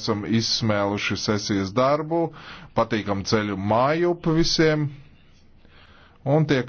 Esam izsmēluši sesijas darbu, patīkam ceļu mājup visiem un tiek